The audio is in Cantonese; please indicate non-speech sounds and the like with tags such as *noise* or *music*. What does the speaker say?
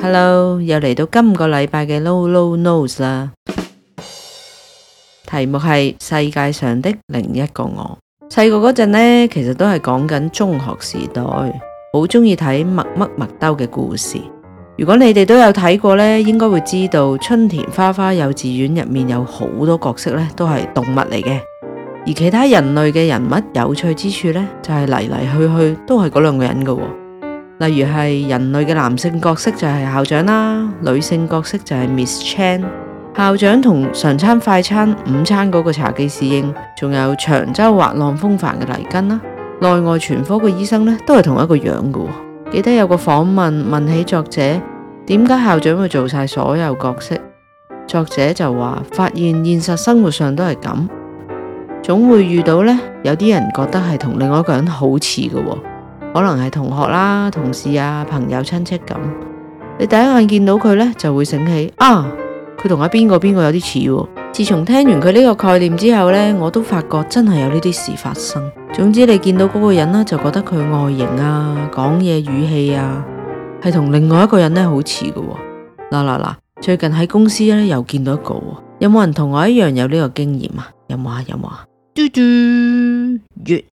Hello，又嚟到今個禮拜嘅 Low Low News 啦。題目係世界上的另一個我。細個嗰陣呢，其實都係講緊中學時代，好中意睇麥麥麥兜嘅故事。如果你哋都有睇過呢，應該會知道春田花花幼稚園入面有好多角色呢，都係動物嚟嘅。而其他人類嘅人物有趣之處呢，就係嚟嚟去去都係嗰兩個人嘅。例如係人類嘅男性角色就係校長啦，女性角色就係 Miss Chan。校長同常餐快餐午餐嗰個茶記侍應，仲有長洲滑浪風帆嘅黎根啦。內外全科的醫生呢都係同一個樣嘅。記得有個訪問問起作者點解校長會做晒所有角色，作者就話發現現實生活上都係噉總會遇到呢，有啲人覺得係同另外一個人好似嘅可能係同學啦、同事啊、朋友、親戚咁，你第一眼見到佢呢，就會醒起啊，佢同阿邊個邊個有啲似。自從聽完佢呢個概念之後呢，我都發覺真係有呢啲事發生。總之你見到嗰個人呢，就覺得佢外形啊、講嘢語氣啊，係同另外一個人呢好似喎。嗱嗱嗱，最近喺公司呢，又見到一個，有冇人同我一樣有呢個經驗啊？有冇啊？有冇啊？嘟嘟月。 *noise*